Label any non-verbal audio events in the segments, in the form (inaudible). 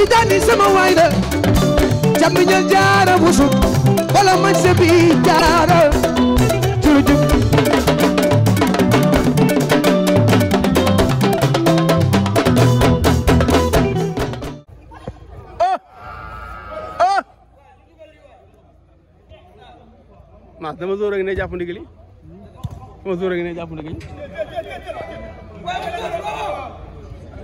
tijani sama waay la jambi ñal jaara busu man se jaara jurujub ah ah dama zo rek ne jàpp ndigali dama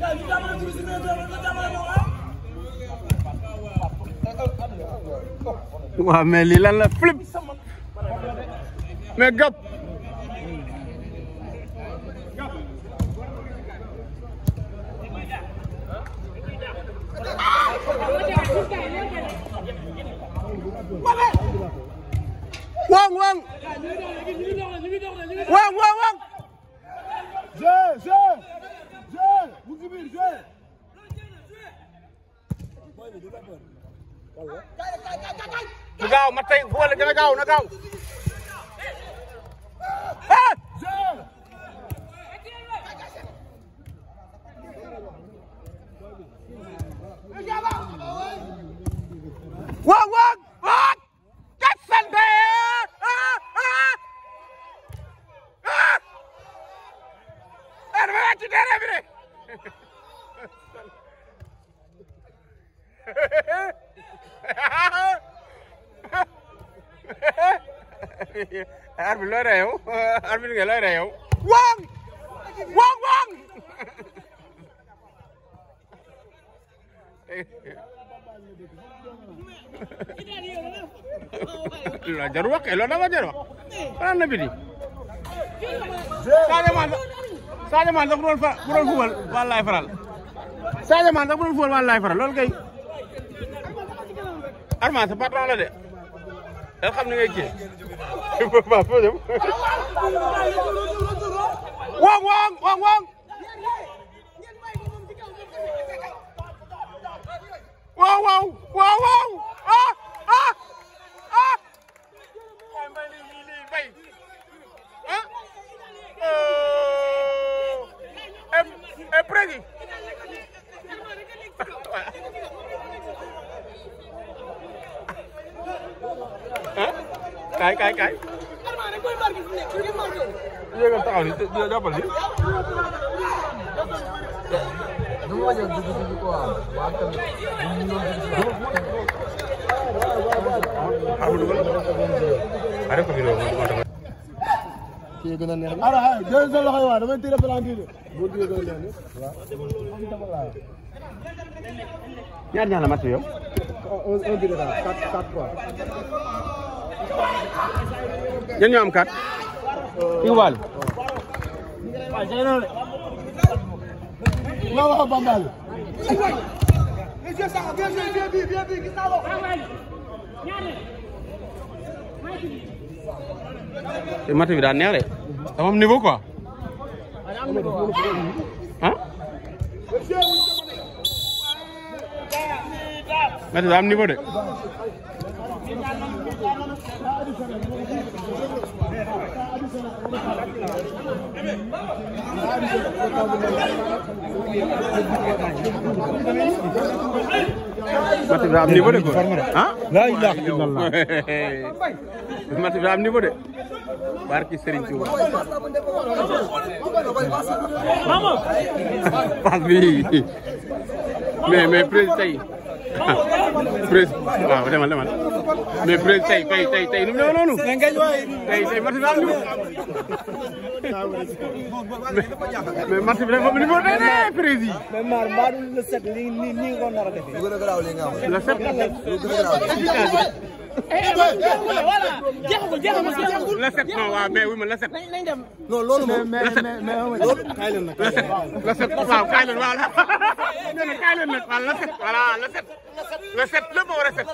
waaw mais lii lan la flip mais gap wang wang wang wang wang je je Joel mu ngi biir Joel. du gaaw ma tey boole dana gaaw na gaaw. waaw ah! waaw. (laughs) arbitre looy rey yow (laughs) arbitre nga looy rey yow wang wang wang la (laughs) jarul wax kay loolu dafa jarul wax xanaa na biti Sadio Mané Sadio Mané dafa doon fa doon fubal wàllaay faral Sadio Mané dafa doon fubal wàllaay faral loolu kay Armand sa patron la de da xam ni ngay kii waaw (laughs) foo jëm (laughs) wong wong wong wong waaw waaw waaw waaw ah ah ah ah eh eh, eh kaay kaay kaay. yéegal taxaw ni dina jàppal ni. kii gën a neex na. ara jël sa loxo waaw damay tiré pelanti de. boo tiré gën a neex na waaw. ñaar ñaar la match yow. un un bi de quatre quatre fois. ñan ñoo am kat i waal la wax bambal te match bi daa neex de dafa am niveau quoi mais daa am niveau de. Mati daa am niveau de quoi ah. laa ilaaha illallaah (laughs) Mati daa am niveau de. barki Serigne Touba. (laughs) pass bi mais mais président président waaw demal demal mais président tey tey tey nu mu noonu. tey tey marché bi daal ñu. mais bi dafa mu nee nee président. mais maar mbaa le sept nii nii nii ko nar a defee. le Eh, eh, eh, jeexagul jeexagul jeexagul. le sept non waaw mais oui ma le sept. nañ nañ dem. non loolu moom le sept mais mais mais loolu kaay leen nag. le sept le sept waaw kaay leen waaw nee na kaay leen nag waaw le sept voilà le sept. le sept lépp moo war a set.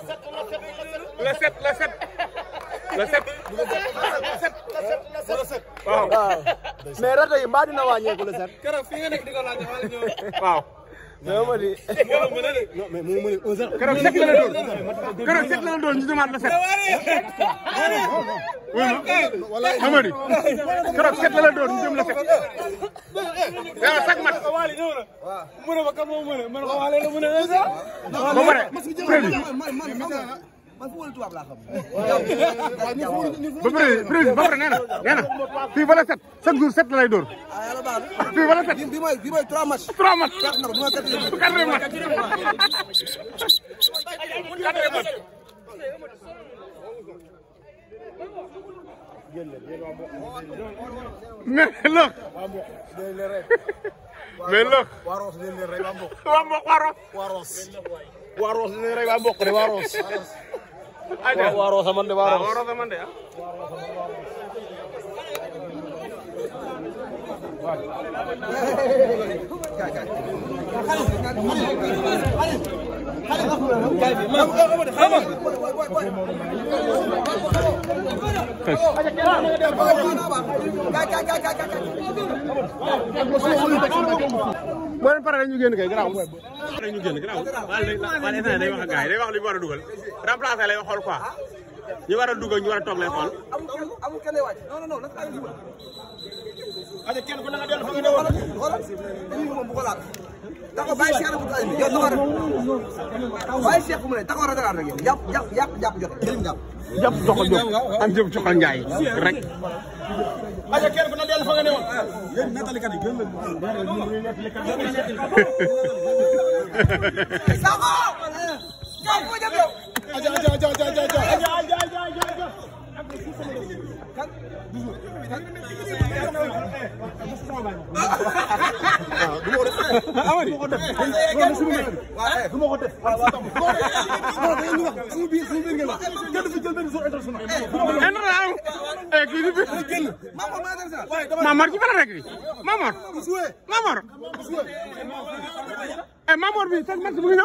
le sept le sept. le sept. le sept waaw. mais rajo yi mbaa dina wàññeeku le sept. keroog fi nga nekk di ko laajee wala ñëw waaw. non ma di. non mais moom mooy. keroog seet la la doon keroog seet la la doon ñu demaat la seet. walaay Amady keroog seet la la doon ñu dem la seet. yàlla chaque match. mu ne ma kan moo mën a ma ne ko waa léegi mu ne. ba pare prévu. man fu wóolu tubaab laa xam. ba pare ba pare nee na nee na fii ba la set chaque jour set la lay dóor. ah yàlla baax na fii ba la set bi mooy bi mooy trois matchs. trois matchs quatre na ko quatre matchs. quatre matchs. mais lëkk. mais lëkk. waa mboq waa roos. waa roos. waa roos dinañ rey waa mboq de waa roos. ayca waaw waaroos a mën de waaroos waaw waaroos a mën de ah. waaw. boo leen paree ñu génn kay garaaw. paree ñu génn garaaw. wala day wax ak gars yi day wax li mu war a dugal. remplacer lay xool quoi. ñi war a dugal ñu war a toog lay xool. amul kenn wàcc non non non. kenn ku ne nga dellu fa nga taxaw bàyyi Cheikh Abdou Aziz yow taxaw rek bàyyi Cheikh fu mu ne taxaw rek rek yow jàpp jàpp jàpp jàpp joxe jëriñ jàpp. jàpp jox ko jox ak jëf jox njaay rek. aja kenn ku ne dellu fa nga ne woon. yéen nettalikat yi gën la. Sakho. Sakho jëm yow. aja aja aja aja aja aja aja aja amari du ma ko def du ma ko bi génn ci bala rek bi Mamor Mamor eh Mamor bi tag match bu ngi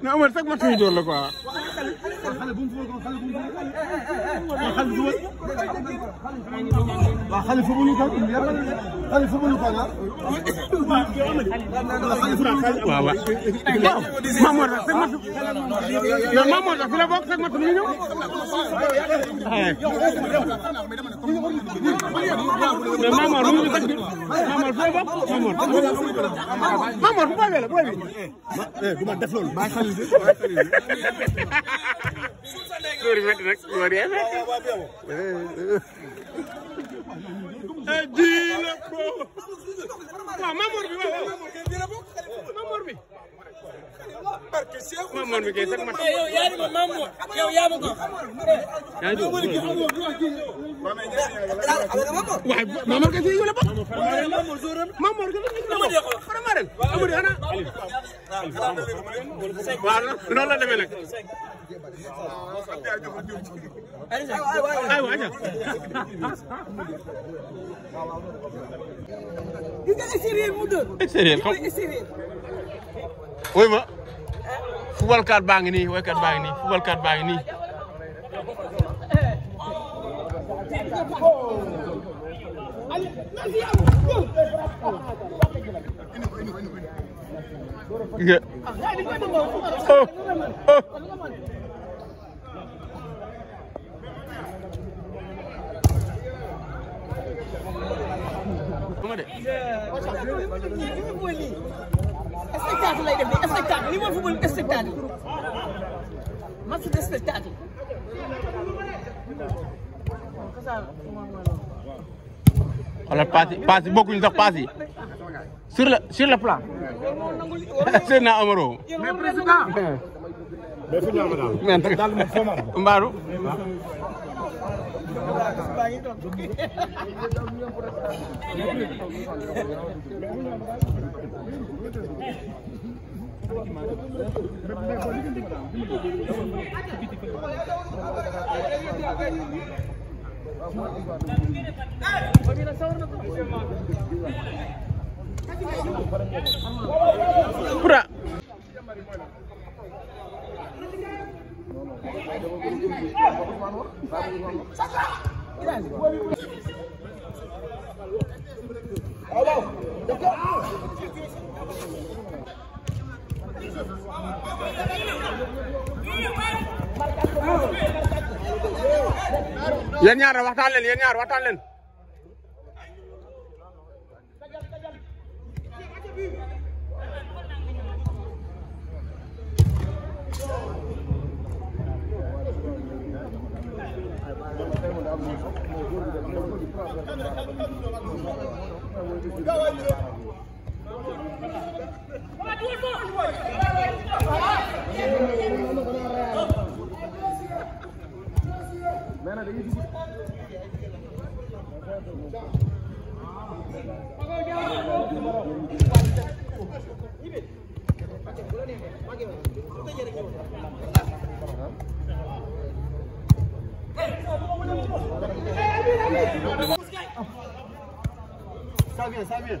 mais Omar sax match yi door la quoi. waaw xale fu mu ñu ko xale fu mu ñu ko ah. waaw waaw. Mamour sax match yow Mamour sax fi la bokk sax match mu ngi ñëw. mais Mamour lu mu ñu sax bi Mamour fi la bokk Mamour. Mamour eh, eh, bu boobee la bu boobee. waaw eh, Mamour bi waaw Mamour bi Mamour Gueye sax man. yow yaa ni ma Mamour yow yaa ma ko. yaa ngi dugg waaye Mamour Gueye fii yow la bokk. Mamour Gueye fii yow la bokk. Amadou ana. waaw noonu la demee nag. aywa aywa. gis nga extérieur mu dóor. extérieur xam nga extérieur. oui ma. fubalkat baa ngi nii waykat baa ngi nii fubalkat baa ngi nii spectacle lay def nii spectacle li mooy football spectacle match de spectacle. sur le sur le plan. seen naa Amaro. Mbaaru. (laughs) Pura. Hello. yéen ñaar waxtaan leen yéen ñaar waxtaan leen Go on, Ça vient, ça vient.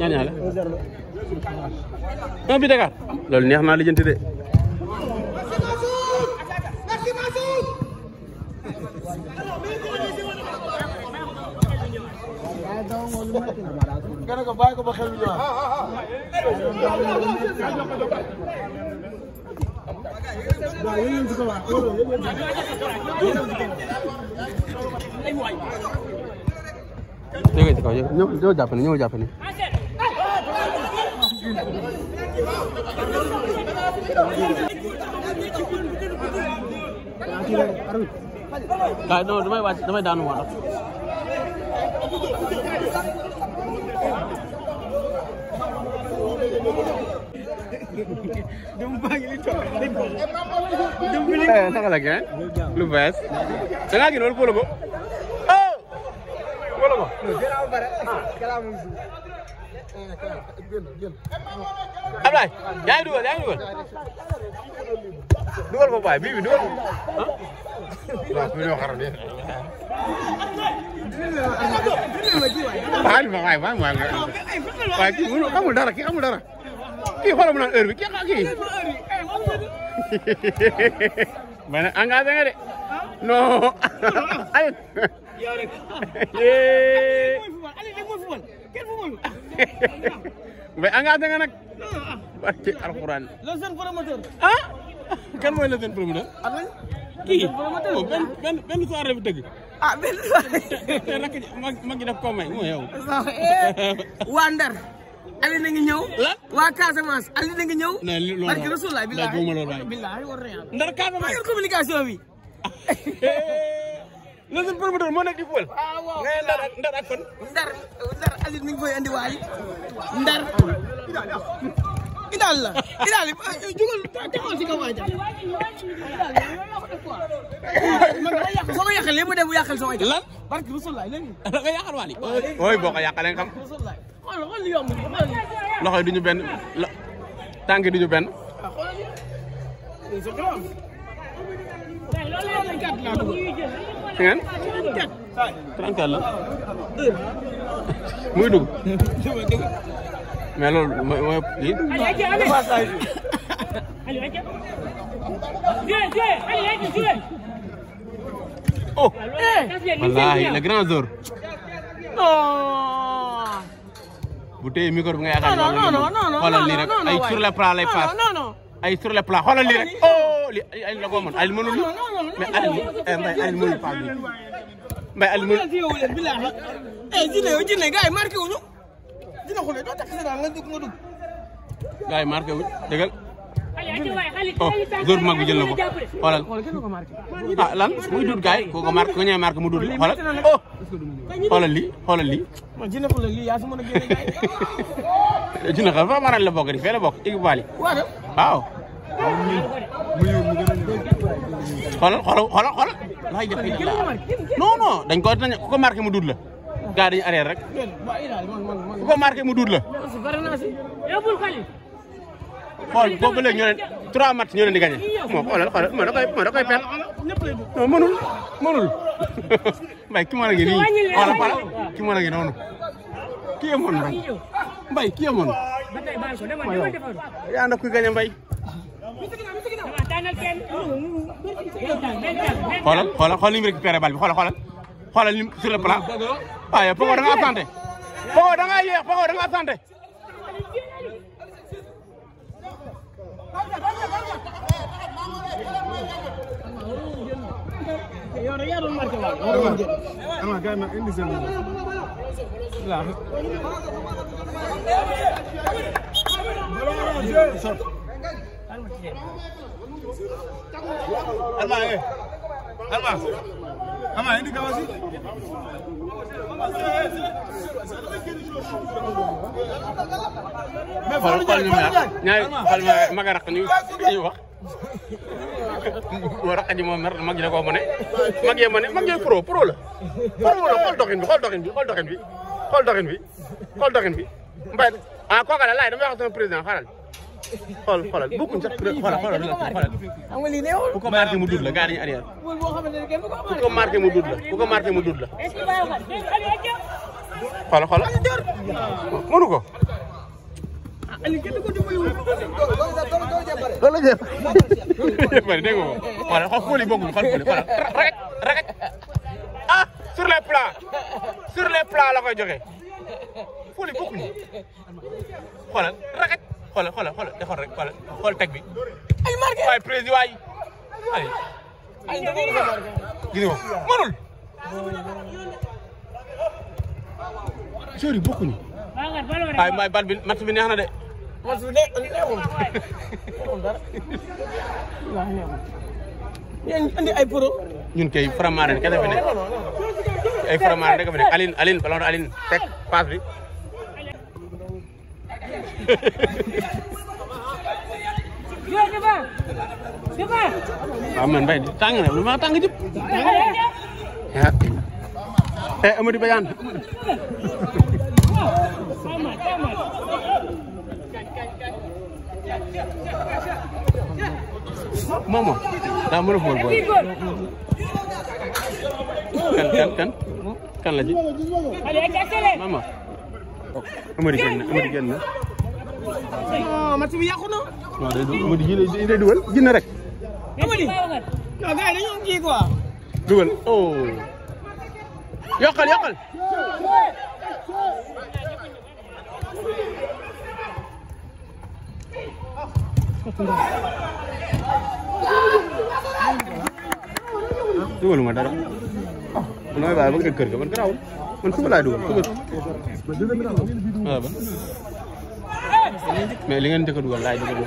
ñaan ñaan la un bi Dakar loolu neex naa lijjanti de gën a ko bàyyi ko ba xel ñu ñëw jàpp kaay non damay wàcc damay daanu moo tax naka la gën lu bees da ngaa gis loolu polo ko Ablaye yaa ngi dugal yaa ngi dugal dugal ko baay bii bi dugal baal ma waay baal ma waay kii mënu amul dara kii amul dara kii xoolal mu naan heure bi kii xa kii (laughs) ma ne engagé nga de non (laughs) ay yow (laughs) rek yee (laughs) mais engagé nga nag. barke alxuraan. le jeune promoteur. ah. kan mooy le jeune promoteur. am nañ. kii oh, benn benn benn soirée bu dëgg. ah benn soirée. (laughs) te nag mag gi daf koo may mooy yow. (laughs) Eh. waa Ndar. Ali na ngi ñëw. lan waa Casamance Ali na ngi ñëw. non li loolu barke Rasulullah billahi. billahi war na yàlla. Ndar Casamance communication bi. Eh, loolu seen promoteur moo nekk di fubal. waaw ah, waaw nga ndar ak ndar ak fan. ndar ndar Aziz mi ngi fay andi waay ndar. Idaal la Idaal ah, eh, jugal taxawal si kaw waajal. soo ko yàqalee bu dee bu yàqal sa waajal. lan barke Rasulullah léegi. da nga yàqal waali. ooy boo ko yàqalee xam. xool xool li yomb loxo yi duñu benn la tànk yi duñu benn. Ah, si ngeen. 34 la. muy dugg. mais loolu mooy mooy lii. oh. wallaahi le grand jour. bu téye micro bi nga yaakaar ne moom la ñu. xoolal nii rek ay sur le plan lay paas. ay sur le plat xoolal lii rek oh lii ay la ko mën ay mënul lii mais ay ay mënul pas lii mbay ay mënul. eh Jine yow Jine gars yi marqué wuñu Jine xule doo takk sa daal nga dugg nga dugg. gars yi marqué oh góor bu mag bi jël na ko xoolal ah lan muy dut gaay ko ko marqué ko ñëwee marqué mu dut la xoolal oh ko dañ mu dut la. gaa dañu arrière rek. ku ko marqué mu dut la. xool boobu léegi ñoo leen trois match ñoo leen di gagné moo xoolal xoolal moo da koy moo da koy perte non mënul mënul (laughs) mbay ki mën a ngi nii xoolal xoolal ki mën a ngi noonu ki yemoon mbay mbay ki yemoon yaa ndax kuy gagné mbay xoolal xoolal xool ni mu récupéré bal bi xoolal xoolal xoolal ni sur le plan waaye Pogo da nga absenté Pogo da nga yéex Pogo da nga absenté yow da yaa doon marqué waaw waaw ama gaay ma indi seen la alma eh alma ama indi kawasi mais fa ñu ñaay fa ma nga raq ñu ñu wax moo tax moom nar mag ñi ne ko ma mag yee ma ne mag yee pro pro pro la xool doxin bi xool bi xool doxin bi xool doxin bi mbay ah kooka la laay dama wax sama président xaaral xool xoolal bokkuñ sax ko marqué mu mu dud la ku ko marqué loolu ah, la jéem jéem dégg nga voilà xool xooli bokkul xool xooli voilà sur les plats sur les plats la koy joxe xooli bokkul xoolal rek xoolal xoolal teg bi. ay marqué gis nga mënul. sori bokkuñu. ay maay bi match bi de. man su ne neexul neexul dara waaw neexul. yéen andi ay pro. ñun kay Faramareen kese fi nekk ay Faramareen rek fi nekk Aline Aline ballon Aline teg passe bi. yow dafa dafa. waaw man Mbaye tàng na lu ma tàng jub. eh Amady Badiane. Momo daa mën a kan la ji. Mama. Amady génn na Amady génn na. non match bi yàqu na. waaw day dugal ji day dugal ji na rek. Amady. non gars yi dañoo am kii quoi. dugal oh. dugaluma dara ah man damay bàyyi ba nga kër man garaawul man suba laay dugal suba. waaw ban mais li ngeen njëkk a dugal laay dugal.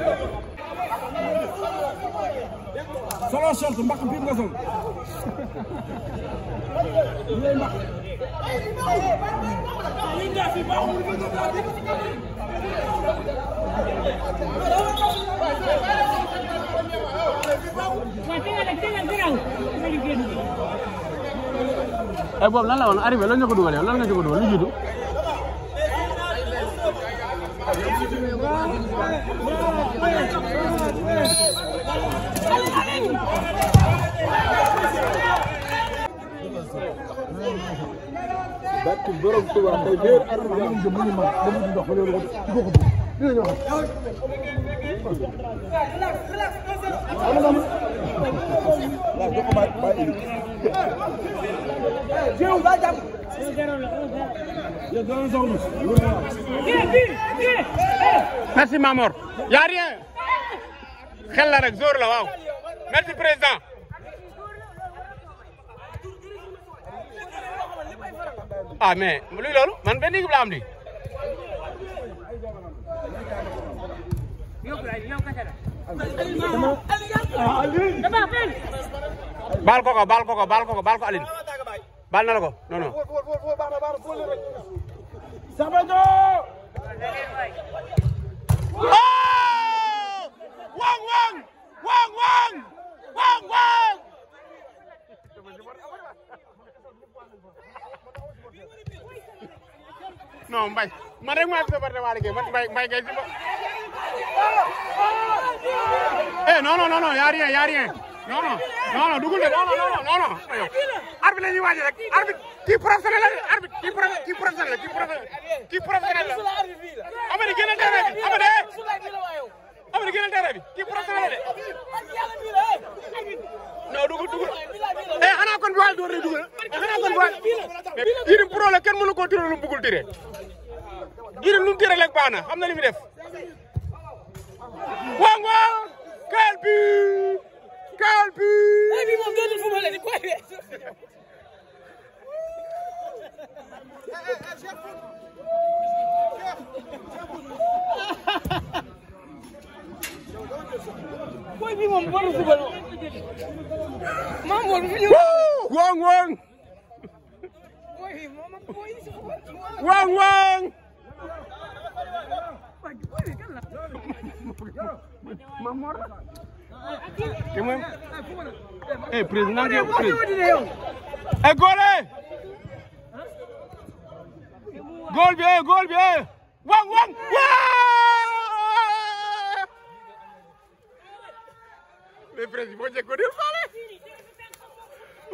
ay eh, boobu lan la woon arrivé lan nga ko dugal yow lan nga ko dugal lu jiitu. barke borom Tuubaa tey merci Mamor. y' a rien. xel la rek zóor la waaw. merci président. ah mais luy loolu man benn équipe la am di baal ko ko baal ko ko baal ko ko baal ko Aline baal na la ko non non. Sabato. Wang wang wang wang wang wang. non Mbaye man rek maa ngi koy bari de waa Linguère man Mbaye Mbaye Gueye eh non non non y a rien y a rien non non non non dugul de non non non non arbitre la ñuy waaj rek arbitre kii professionnel la arbitre kii kii professionnel la kii professionnel la amadi génn terrain bi amadi amadi génn terrain bi kii professionnel la non dugul dugul eh xanaa kon bi waay door na dugul xanaa kon bi waay Yérim Pro la kenn mënu ko tiré lu mu bëggul tiré Yérim lu mu tiré rek baax na xam na li mu def waaw waaw. quel but quel but. waaye bii moom dootul football di quoi. boy bi moom warul football maam warul fi ñëw. wóŋ wóŋ. wóŋ wóŋ. ma mor te moom eh président wang wang mais président boo jëkkoon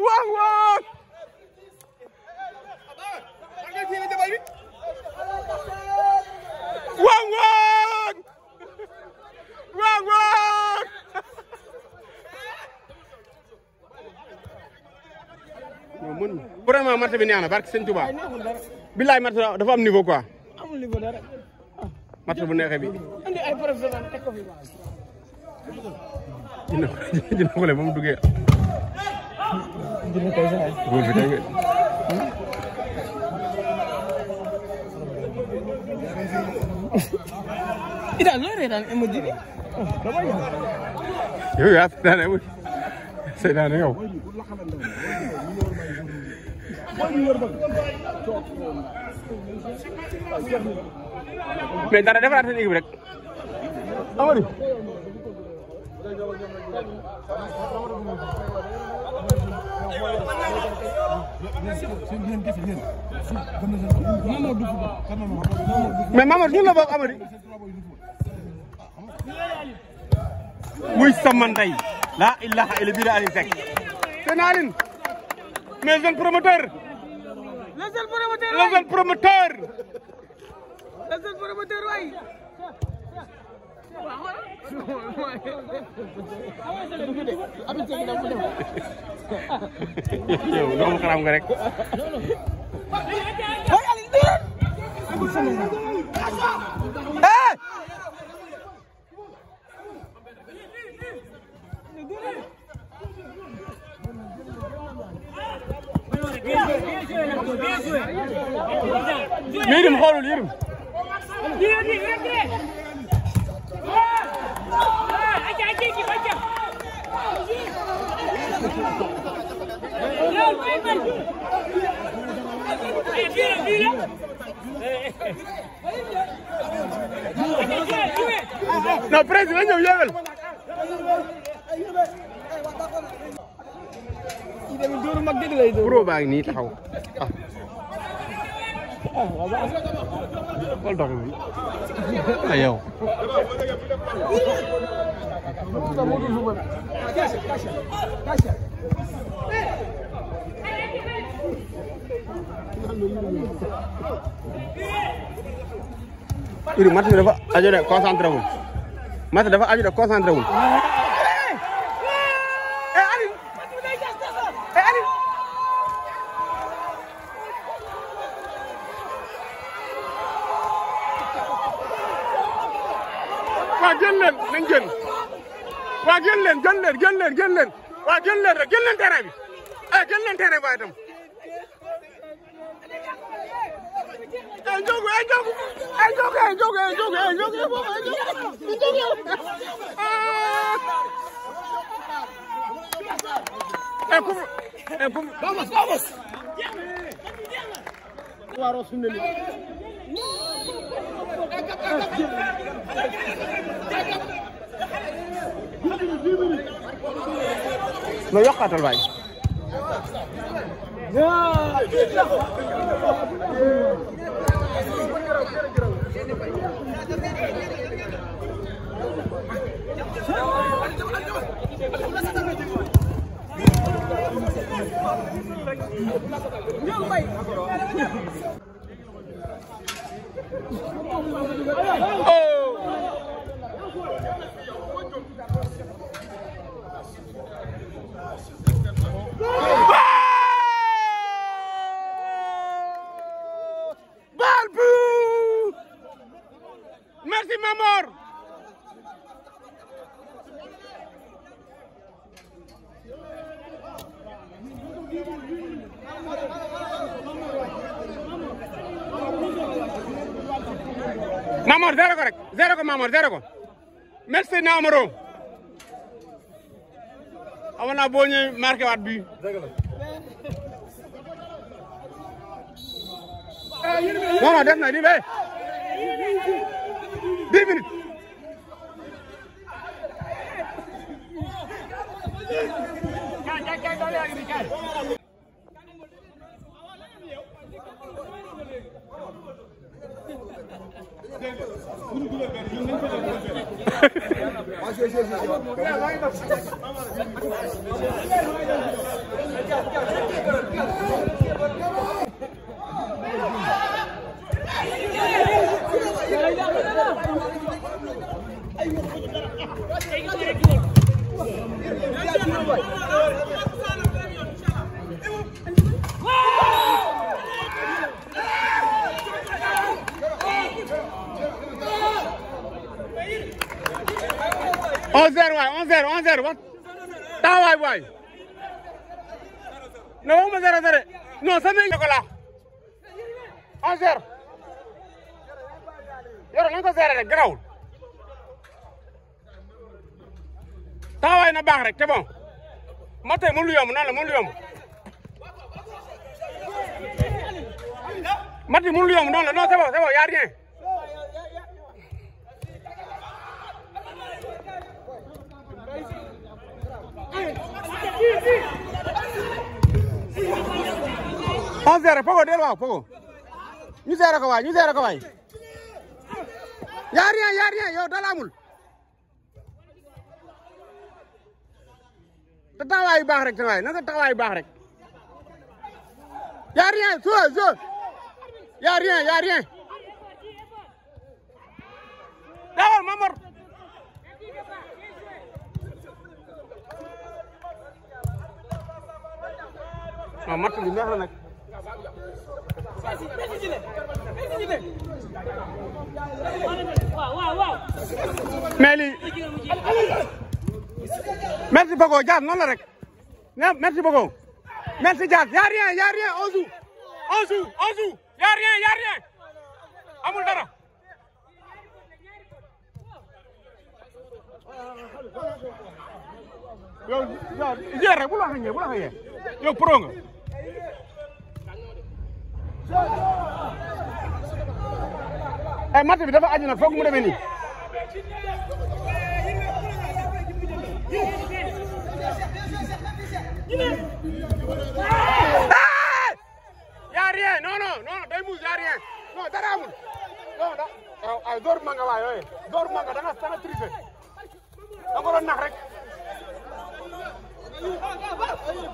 il vraiment marché bi neex na barke sëñ Touba billaay marché dafa am niveau quoi amul bu neex bi andi ay professionnel teg bi tey emoji bi yow yaa emoji seetaan yow mais dara defaraat seen équipe rek. Amady. mais Mamadou ñun la bokk Amady. wuy Samanthay. la ilaha illa billah Aliou Seck. te naa leen mais jeune promoteur. le seul promoteur le seul promoteur. le seul promoteur waay. yow doomu xaram nga rek. Yérim xoolul Yérim. No, presidente, llévalo. tamit dóoru mag dëgg lay dóor. pro baa ngi nii taxaw ah. xool dox bi ah yow. Uri match bi dafa aju de concentré wul match dafa aju de concentré wul. nañ génn waa génn leen génn waa génn leen rek génn leen terrain bi eh génn leen terrain bi itam ay njóogu ay njóogu ay njóogu ay njóogu no yokkaatal waay Oh! Baal bu merci Mamor Mamor zero ko rek zero ko Mamor zero ko merci Naamaro amoon naa boo ñëwee marqué bi non non def di bay Yeah. 11h waay 11h 11h wax taxawaay waay ne waxuma zero zero non sama ngi ko laax 11h yoro nañ ko seere rek garawul taxawaay na baax rek te bon ma tey mënul yomb nan la mënul yomb ma tey mënul yomb noonu la non c'est bon c'est bon y a rien on gère Pogo del waaw Pogo ñu gère ko waay ñu gère ko waay yow dala amul te taxawaay baax rek te waay na nga taxawaay baax rek yaa rien so so non ah, matt bi neex na nag. mais lii. merci beaucoup jaar noonu la rek. non merci beaucoup. merci jaar amul dara. yow yow jéer bu la xëyee bu la xëyee ay eh, matt bi dafa aju nag foog mu demee nii. Eh! y a rien non non non day muus y a rien dara amul non da ay door manga waay yooyu door manga da nga da nga triché da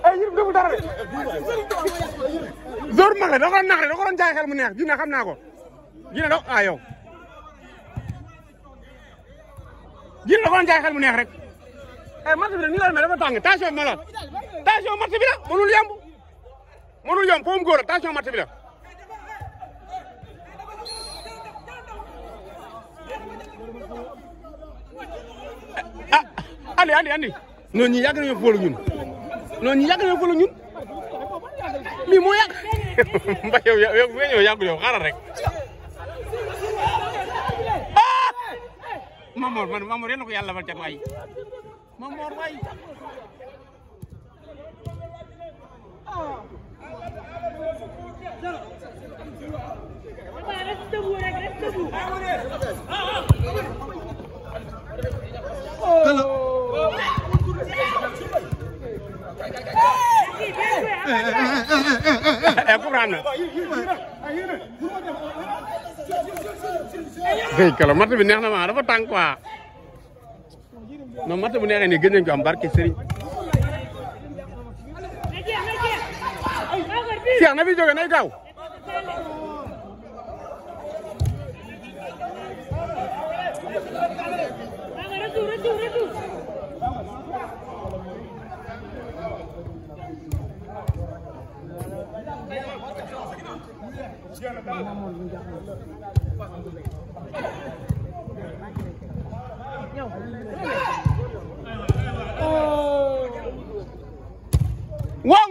ay yërëm deful dara de. Zoro Manga da ko doon nax de da ko doon jaay xel mu neex dina xam naa ko dina do ah yow. dina da ko doon jaay xel mu neex rek. ay eh, match bi de ni nga dafa tàng tension bi ma la tension match bi la mënul yomb mënul yomb foofu mu góor tension match bi la. Eh, ah andi andi andi. noonu ñi yàgg nañoo fool ñun noonu ñi yàgg nañoo fool ñun lii moo yàgg (laughs) mba yow yow bu rek ah man Mamor yéen a ko yàlla defal cat waay Mamor waay. Comprendre na. Géej kala matt bi neex na ma dafa tàng quoi non matt bu neexee nii gën nañ ko barke Serigne. Cheikh na bi joge nay gaaw. Wong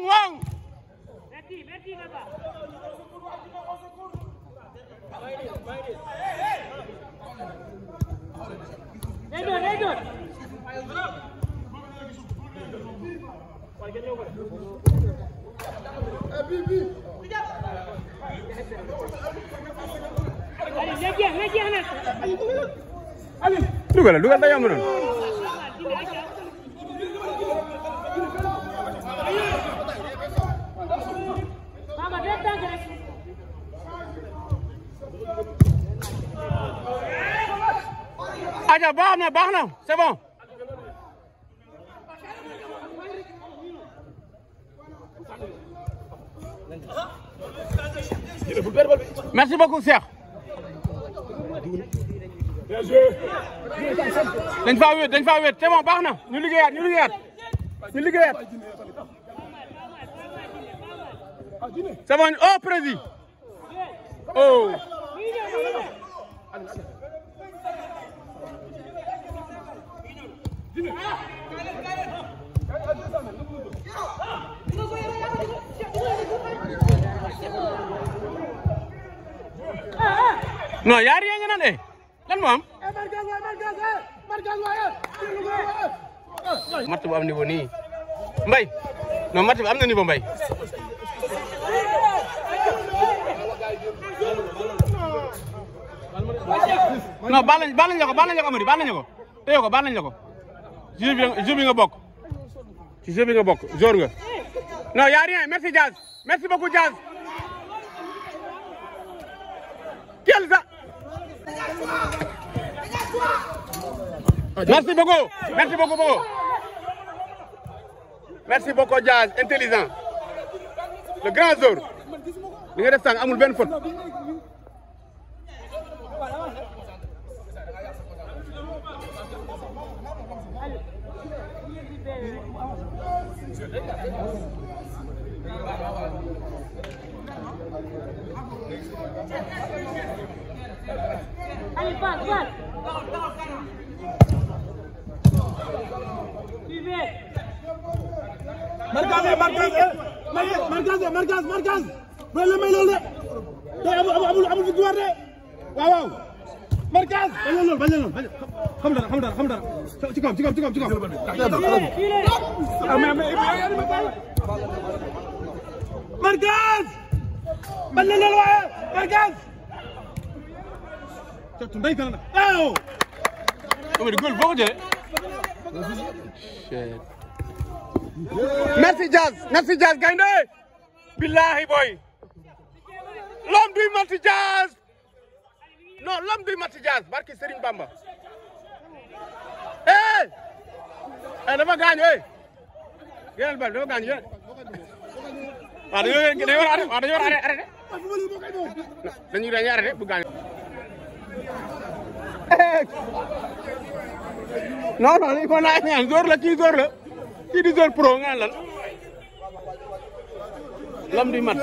wong. Berti, berti kakak. Redon, redon. Redon. dugal dugal day am noonu aja baax na baax merci beaucoup Cheikh. dañ faa wéet dañ faa wéet c'est bon baax na ñu liggéeyaat ñu liggéeyaat ñu liggéeyaat. c'est bon oh, non yaari yaa ngi naan eh lan moo am. matt bu am niveau nii mbay non matt bi am na niveau mbay. non baal nañu baal nañu la ko baal nañu la ko Amady baal nañu la ko téye ko baal nañu la ko. jeu bi jeu bi nga bokk ci jeu bi nga bokk joor nga. non y a rien merci Diaz merci beaucoup Diaz. Quel ça merci beaucoup merci beaucoup Bogo merci beaucoup Diaz intelligent le grand Zor li nga def sànq amul benn faute. Kapat, kapat. Markaz, markaz, markaz, markaz, markaz. Booy la may lool de. Tey amul amul amul fi juwaar de. Waaw waaw. Markaz. Bañ lool, bañ lool, bañ. Xam dara, xam dara, xam dara. Ci kaw, ci kaw, ci kaw, ci kaw. Markaz. Bañ lool waaye, markaz. 저돈 많이 가는 아우 우리 골 먹어줘 shit merci Diaz merci Diaz gaynde billahi boy l'homme du Mati Diaz non l'homme du Mati Diaz barki Serigne Bamba eh eh dama gaañ eh yéen bal dama gaañ yéen eh. waaw dañoo dañoo war a arrêté dañuy dañuy arrêté bu gaañ non non il faut naa ñaan zor la kii zor la kii di zor pro nga lan lam di mat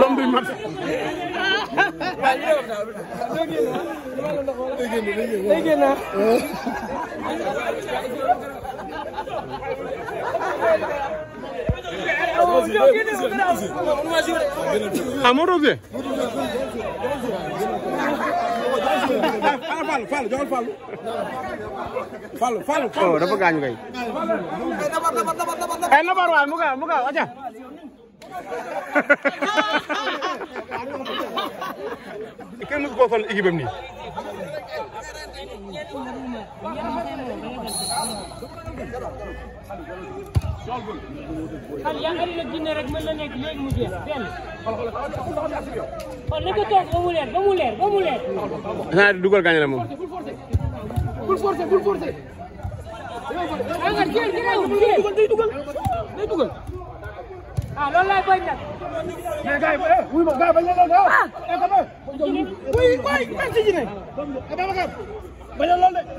l'homme du match. ah moo doon see. Fallou Fallou joxal Fallou. Fallou Fallou Fallou. oh dafa gaañu kay. Eh, ay eh, nabar waay mu gaaw mu gaaw aja. kenn mësu koo fal équipe am nii. xal yaa am na dina rek mën na nekk léegi mu jeex benn. xool na ko toog mu leer ba mu leer ba mu leer. naa dugal gaañ la moom. bul forcer bul forcer. day dugal day dugal. ah loolu laay bañ nag. mais gars yi ba eh wuyu ma gars bañ na loolu ah. ah eh, ka ba. wuyu waay man si ji ne. Ababacar eh, bañ na loolu de.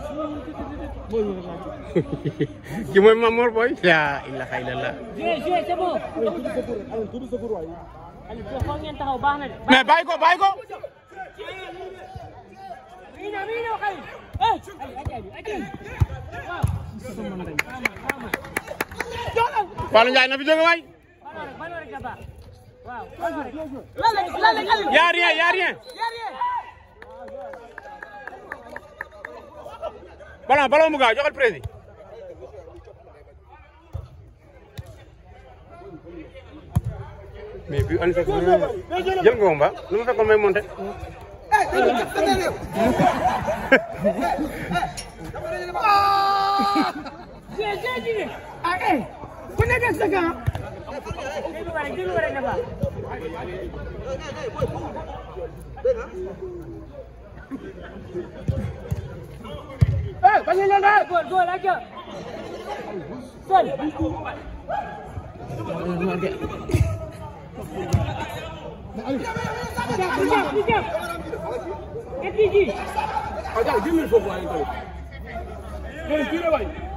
(laughs) ki mooy Mamor boy. la ilaha illallah. joué joué c'est bon. foo ngeen taxaw baax na de. mais bàyyi ko bàyyi ko. mi na mi na xale. Fallou Ndiaye na fi jóge waay. Il a rien, il a rien. Ballon, ballon, mon gars, j'aurai le président. mais bii Aliou fekk jël nga ko mbaa lu ma fekkoon may monté. ah. ku nekk sa Eh, banyak yang dah. Gol, gol aja. Gol. Gol dia. Sekejap, sekejap, sekejap. FPG. Ajak, dia ni fokus. Dia kira baik.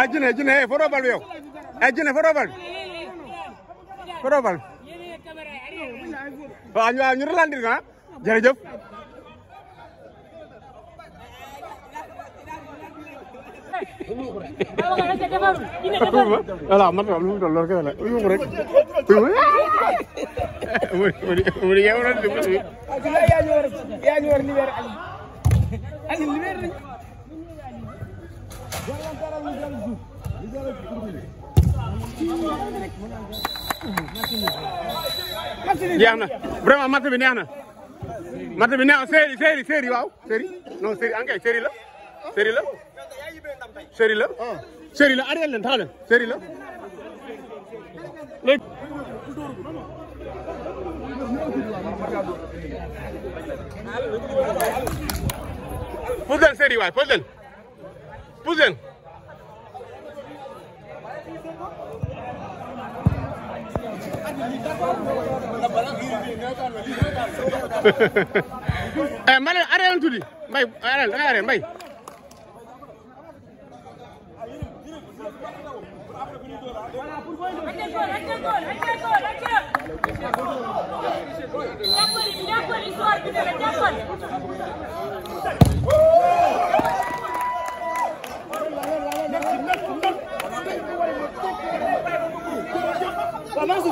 ah Djiné Djiné eh fotoo bal bi yow eh Djiné fotoo bal bi fotoo bal bi waaw ñu relandir na ah. jërëjëf voilà yaa ñu war yaa ñu war libéré na vraiment match bi neex na match bi neex na séeri séeri séeri waaw séeri non séeri en kay séeri série la ah. série la arrêté leen taxaw leen série la léegi pousse leen série waay pousse leen pousse leen (laughs) eh mbay arrêté leen tuuti mbay arrêté mbay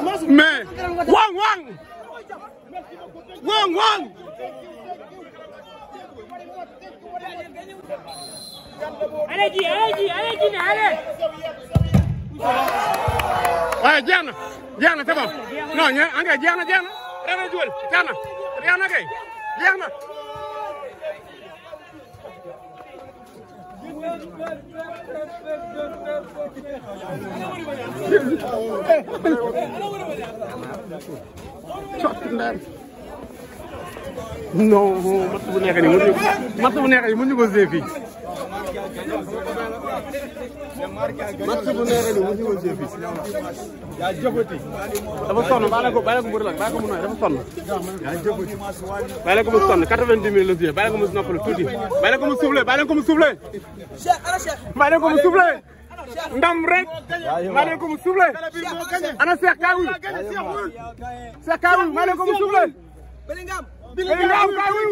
mais wang wang wang wang allez allez allez allez waaye jeex na jeex na c'est bon non ñu en tout jeex na jeex na ren a juwal jeex na jeex na kay jeex na. sotti ndaan non matt bu neex yi mënuñu matt bu neex yi mënuñu ko see fii match bu neexee nii mosu ñu woon see fii. yaa jëfati. dafa sonn bàyyi la ko bàyyi la ko mu relax bàyyi ko mu nooy dafa sonn. yaa jëfati. bàyyi la ko mu sonn quatre-vingt-dix mille la joué bàyyi la ko mu noppalu tuuti. bàyyi la ko mu soufflé bàyyi la ko mu soufflé. bàyyi la ko mu soufflé. ndam rek. bàyyi la ko mu soufflé. ana Cheikh Kaay wuy. Cheikh Kaay wuy bàyyi la ko mu soufflé. Bellingham Bellingham Kaay wuy.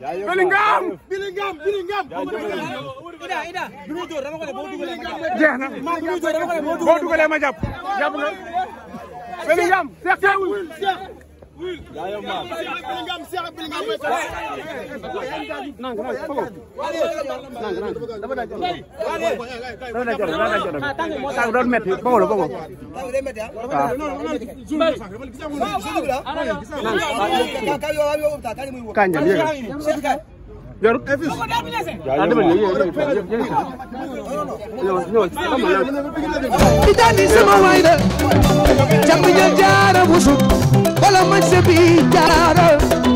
Bellingham Bellingham Bellingham Ida Ida du mu door dama ko ne boo dugalee ma jàpp jeex na boo dugalee ma jàpp jàpp nga Bellingham Cheikh teewul Cheikh yaayam maa. nang nang fogo. nang nang dafa daa jot a. dafa daa jot a dafa daa jot a. tàng doon métti fogo la fogo. waaw. Kañ la yéen. yor. ah dama yéen yéen yéen. ñoo ñoo xam nga. itam sama waay de. jàmm ja jaara bu sub. bala ma se bi jaara